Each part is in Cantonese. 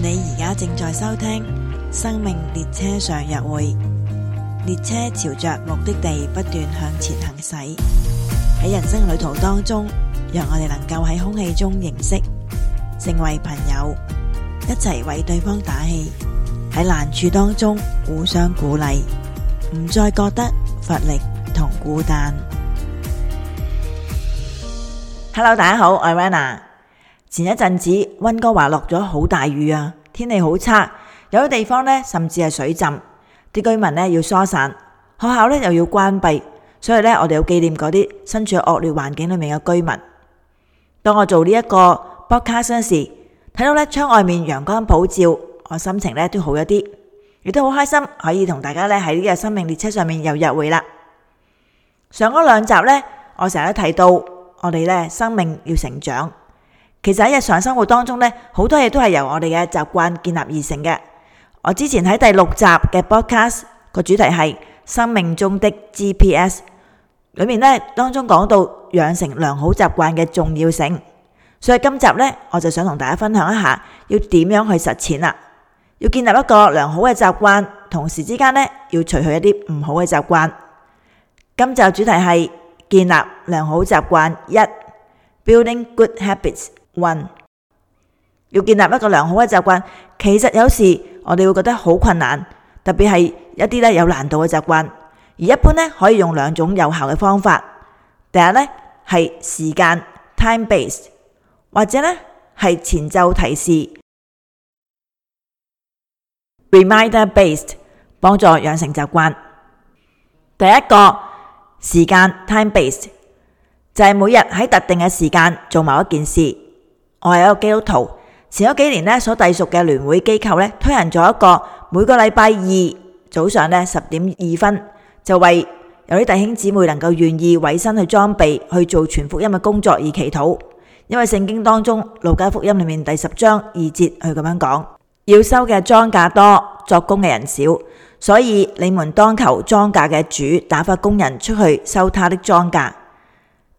你而家正在收聽《生命列車上約會》，列車朝着目的地不斷向前行駛。喺人生旅途當中，讓我哋能夠喺空氣中認識，成為朋友，一齊為對方打氣。喺難處當中互相鼓勵，唔再覺得乏力同孤單。Hello，大家好，我係 Rana。前一陣子溫哥華落咗好大雨啊，天氣好差，有啲地方呢，甚至係水浸，啲居民呢要疏散，學校呢又要關閉，所以呢，我哋要紀念嗰啲身處惡劣環境裏面嘅居民。當我做呢一個 podcast 時，睇到呢窗外面陽光普照，我心情呢都好一啲，亦都好開心可以同大家呢喺呢個生命列車上面又約會啦。上嗰兩集呢，我成日都提到我哋呢生命要成長。其實喺日常生活當中呢，好多嘢都係由我哋嘅習慣建立而成嘅。我之前喺第六集嘅 Podcast 個主題係生命中的 GPS，裏面呢當中講到養成良好習慣嘅重要性，所以今集呢我就想同大家分享一下要點樣去實踐啦。要建立一個良好嘅習慣，同時之間呢要除去一啲唔好嘅習慣。今集主題係建立良好習慣一 （Building Good Habits）。要建立一個良好嘅習慣，其實有時我哋會覺得好困難，特別係一啲咧有難度嘅習慣。而一般咧可以用兩種有效嘅方法，第一咧係時間 time-based，或者咧係前奏提示 reminder-based，幫助養成習慣。第一個時間 time-based 就係每日喺特定嘅時間做某一件事。我係一個基督徒，前幾年呢，所隸屬嘅聯會機構呢，推行咗一個每個禮拜二早上呢，十點二分，就為有啲弟兄姊妹能夠願意委身去裝備去做傳福音嘅工作而祈禱。因為聖經當中路加福音裏面第十章二節佢咁樣講：要收嘅莊稼多，做工嘅人少，所以你們當求莊稼嘅主打發工人出去收他的莊稼。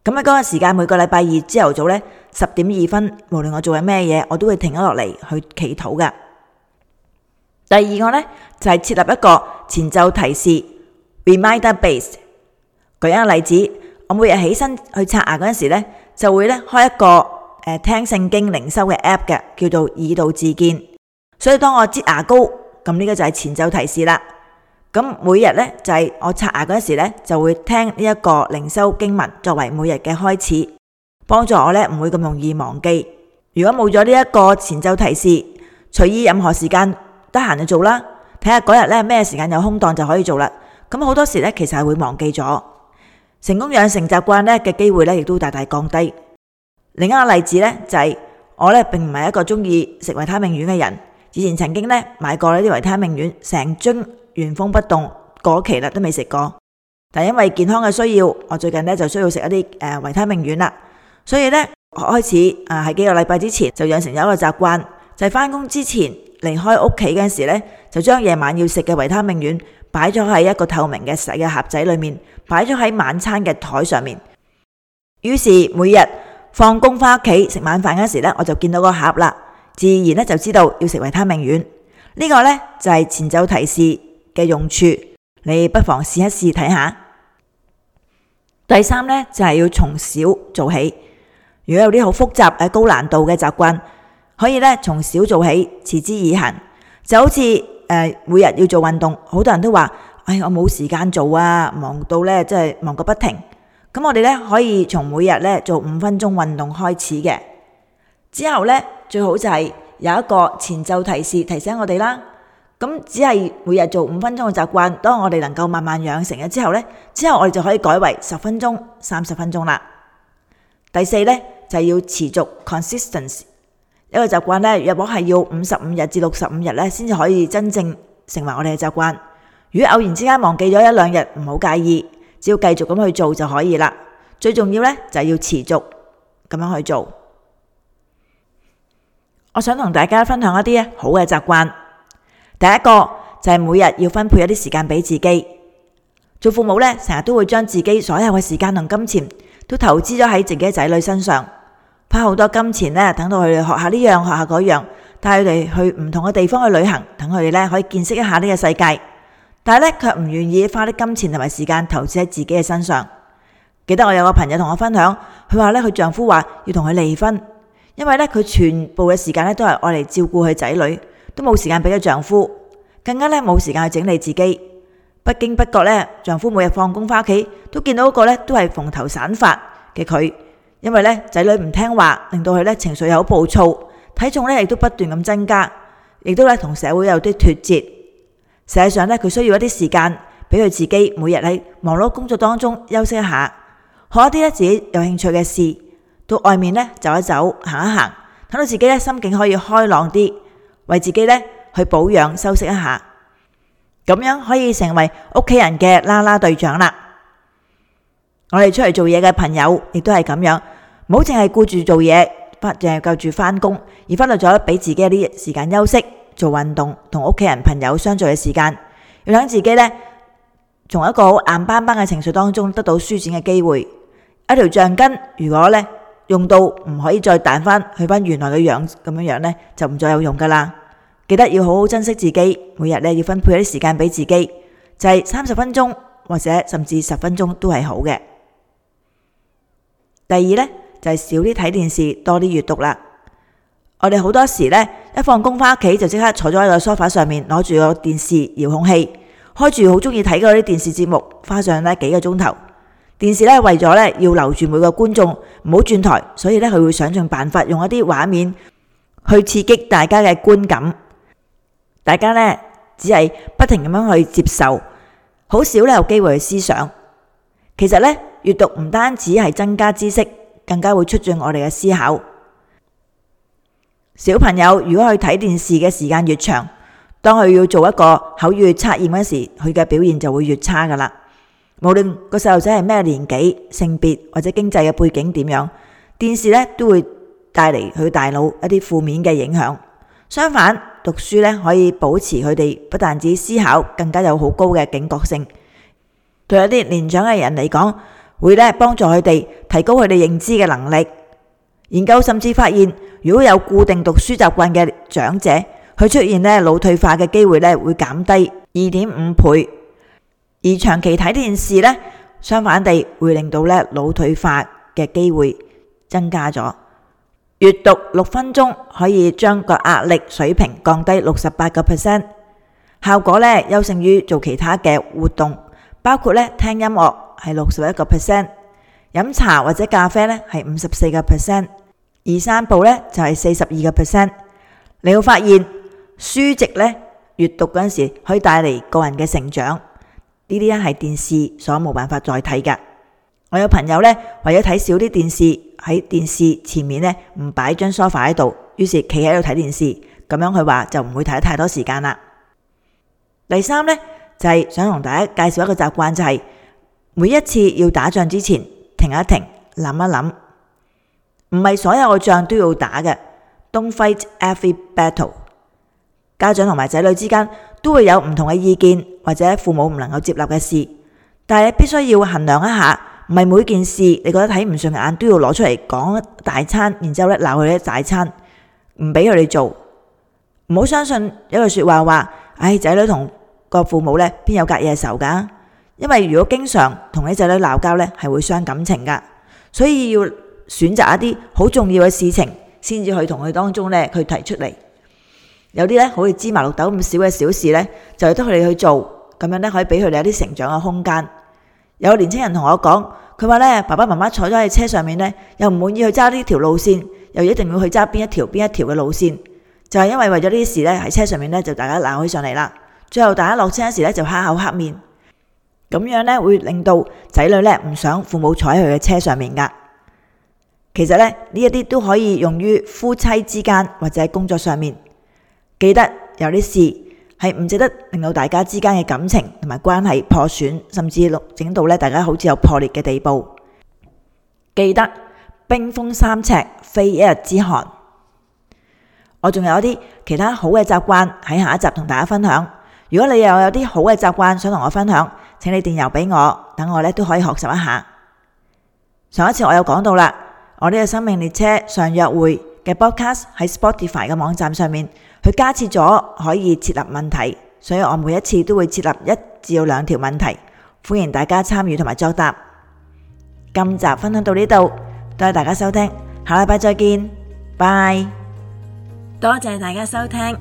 咁喺嗰個時間，每個禮拜二朝頭早咧十點二分，無論我做緊咩嘢，我都會停咗落嚟去祈禱噶。第二個咧就係、是、設立一個前奏提示 （reminder based）。舉一個例子，我每日起身去刷牙嗰陣時咧，就會咧開一個誒聽聖經靈修嘅 app 嘅，叫做爾道自建。所以當我擠牙膏，咁呢個就係前奏提示啦。咁每日呢，就係我刷牙嗰時呢，就會聽呢一個靈修經文作為每日嘅開始，幫助我呢唔會咁容易忘記。如果冇咗呢一個前奏提示，隨意任何時間得閒就做啦，睇下嗰日呢咩時間有空檔就可以做啦。咁好多時呢，其實係會忘記咗，成功養成習慣呢嘅機會呢，亦都大大降低。另一個例子呢、就是，就係我呢並唔係一個中意食維他命丸嘅人，以前曾經呢買過呢啲維他命丸成樽。原封不動過期啦，都未食過。但因為健康嘅需要，我最近呢就需要食一啲誒維他命丸啦，所以呢，我開始誒喺、啊、幾個禮拜之前就養成咗一個習慣，就係翻工之前離開屋企嗰時呢，就將夜晚要食嘅維他命丸擺咗喺一個透明嘅細嘅盒仔裏面，擺咗喺晚餐嘅台上面。於是每日放工翻屋企食晚飯嗰時呢，我就見到個盒啦，自然呢就知道要食維他命丸。呢個呢，就係前奏提示。嘅用處，你不妨試一試睇下。第三呢，就係要從小做起。如果有啲好複雜誒、高難度嘅習慣，可以呢從小做起，持之以恒。就好似誒，每日要做運動，好多人都話：誒、哎，我冇時間做啊，忙到呢即係忙個不停。咁我哋呢，可以從每日呢做五分鐘運動開始嘅，之後呢，最好就係有一個前奏提示，提醒我哋啦。咁只係每日做五分鐘嘅習慣，當我哋能夠慢慢養成咗之後呢，之後我哋就可以改為十分鐘、三十分鐘啦。第四呢，就係要持續 consistence。一個習慣呢，若果係要五十五日至六十五日呢，先至可以真正成為我哋嘅習慣。如果偶然之間忘記咗一兩日，唔好介意，只要繼續咁去做就可以啦。最重要呢，就係要持續咁樣去做。我想同大家分享一啲好嘅習慣。第一個就係每日要分配一啲時間俾自己。做父母呢，成日都會將自己所有嘅時間同金錢都投資咗喺自己嘅仔女身上，花好多金錢呢，等到佢哋學下呢樣學下嗰樣，帶佢哋去唔同嘅地方去旅行，等佢哋呢可以見識一下呢個世界。但係呢，卻唔願意花啲金錢同埋時間投資喺自己嘅身上。記得我有個朋友同我分享，佢話呢，佢丈夫話要同佢離婚，因為呢，佢全部嘅時間呢都係愛嚟照顧佢仔女。都冇時間俾咗丈夫，更加呢，冇時間去整理自己。不經不覺呢，丈夫每日放工翻屋企，都見到一個呢都係蓬頭散髮嘅佢。因為呢，仔女唔聽話，令到佢呢情緒又好暴躁，體重呢亦都不斷咁增加，亦都呢同社會有啲脫節。實際上呢，佢需要一啲時間俾佢自己，每日喺忙碌工作當中休息一下，學一啲呢自己有興趣嘅事，到外面呢走一走，行一行，等到自己呢心境可以開朗啲。為自己呢去保養、休息一下，咁樣可以成為屋企人嘅啦啦隊長啦。我哋出嚟做嘢嘅朋友，亦都係咁樣，唔好淨係顧住做嘢，翻淨係顧住翻工，而忽略咗俾自己一啲時間休息、做運動、同屋企人、朋友相聚嘅時間，要等自己呢，從一個好硬繃繃嘅情緒當中得到舒展嘅機會。一條橡筋如果呢用到唔可以再彈翻去翻原來嘅樣咁樣樣呢，就唔再有用噶啦。記得要好好珍惜自己，每日呢要分配一啲時間俾自己，就係三十分鐘或者甚至十分鐘都係好嘅。第二呢，就係少啲睇電視，多啲閱讀啦。我哋好多時呢，一放工翻屋企就即刻坐咗喺個梳化上面，攞住個電視遙控器，開住好鍾意睇嗰啲電視節目，花上呢幾個鐘頭。電視呢，為咗呢，要留住每個觀眾唔好轉台，所以呢，佢會想盡辦法用一啲畫面去刺激大家嘅觀感。大家咧只係不停咁樣去接受，好少咧有機會去思想。其實咧閱讀唔單止係增加知識，更加會促進我哋嘅思考。小朋友如果去睇電視嘅時間越長，當佢要做一個口語測驗嗰時，佢嘅表現就會越差噶啦。無論個細路仔係咩年紀、性別或者經濟嘅背景點樣，電視咧都會帶嚟佢大腦一啲負面嘅影響。相反，讀書呢可以保持佢哋不但止思考，更加有好高嘅警覺性。對一啲年長嘅人嚟講，會呢幫助佢哋提高佢哋認知嘅能力。研究甚至發現，如果有固定讀書習慣嘅長者，佢出現呢腦退化嘅機會呢會減低二點五倍。而長期睇電視呢，相反地會令到呢腦退化嘅機會增加咗。閱讀六分鐘可以將個壓力水平降低六十八個 percent，效果呢優勝於做其他嘅活動，包括呢聽音樂係六十一個 percent，飲茶或者咖啡呢係五十四個 percent，而散步呢就係四十二個 percent。你會發現書籍呢閱讀嗰陣時可以帶嚟個人嘅成長，呢啲呢係電視所冇辦法再睇嘅。我有朋友呢為咗睇少啲電視。喺電視前面呢，唔擺張梳化喺度，於是企喺度睇電視，咁樣佢話就唔會睇得太多時間啦。第三呢，就係想同大家介紹一個習慣，就係每一次要打仗之前，停一停，諗一諗，唔係所有嘅仗都要打嘅。Don't fight every battle。家長同埋仔女之間都會有唔同嘅意見，或者父母唔能夠接納嘅事，但係必須要衡量一下。唔係每件事，你覺得睇唔上眼都要攞出嚟講一大餐，然之後咧鬧佢哋一大餐，唔俾佢哋做。唔好相信一句說話話，唉、哎、仔女同個父母咧邊有隔夜仇噶？因為如果經常同啲仔女鬧交咧，係會傷感情噶。所以要選擇一啲好重要嘅事情，先至去同佢當中咧去提出嚟。有啲咧好似芝麻綠豆咁少嘅小事咧，就由得佢哋去做，咁樣咧可以俾佢哋一啲成長嘅空間。有個年青人同我講，佢話呢，爸爸媽媽坐咗喺車上面呢，又唔滿意去揸呢條路線，又一定要去揸邊一條邊一條嘅路線，就係因為為咗呢啲事呢，喺車上面呢，就大家鬧起上嚟啦。最後大家落車嗰時呢，就黑口黑面，咁樣呢，會令到仔女呢唔想父母坐喺佢嘅車上面噶。其實呢，呢一啲都可以用於夫妻之間或者工作上面。記得有啲事。係唔值得令到大家之間嘅感情同埋關係破損，甚至整到呢大家好似有破裂嘅地步。記得冰封三尺非一日之寒。我仲有一啲其他好嘅習慣喺下一集同大家分享。如果你又有啲好嘅習慣想同我分享，請你電郵俾我，等我呢都可以學習一下。上一次我有講到啦，我呢個生命列車上約會嘅 Podcast 喺 Spotify 嘅網站上面。佢加設咗可以設立問題，所以我每一次都會設立一至兩條問題，歡迎大家參與同埋作答。今集分享到呢度，多謝大家收聽，下禮拜再見，拜。多謝大家收聽，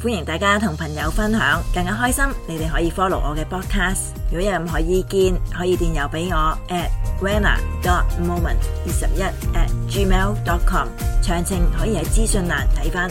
歡迎大家同朋友分享，更加開心。你哋可以 follow 我嘅 podcast，如果有任何意見，可以電郵俾我 at wenna dot moment 二十一 at gmail dot com，詳情可以喺資訊欄睇返。